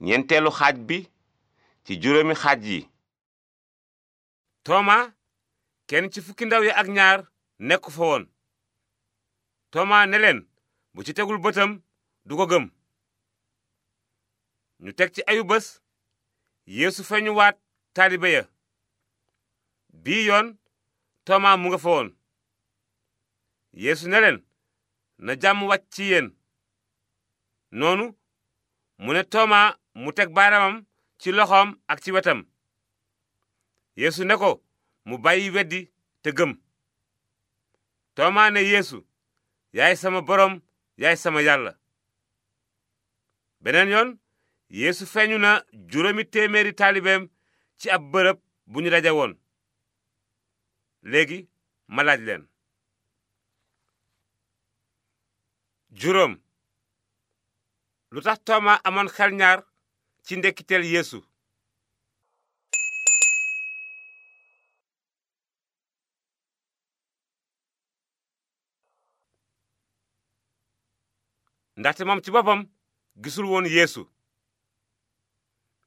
ñenteelu xaaj bi ci juróomi xaaj yi tooma kenn ci fukki ndaw yi ak ñaar nekku fa woon tooma ne leen bu ci tegul bëtam du ko gëm ñu teg ci ayubës bés yeesu waat taalibe ya bii yoon tooma mu nga fa woon yeesu ne na jàmm wàcc ci noonu mu ne Toma mu teg baaramam ci loxoom ak ci wetam yeesu ne ko mu bàyyi weddi te gëm Toma ne yaay sama boroom yaay sama yàlla beneen yoon yeesu feeñu na juróomi téeméeri ci ab bërëb bu ñu daje woon léegi ma leen juróom lu tax Thomas amoon xel ñaar ci ndekkiteel Yeesu. ndaxte moom ci boppam gisul woon Yeesu.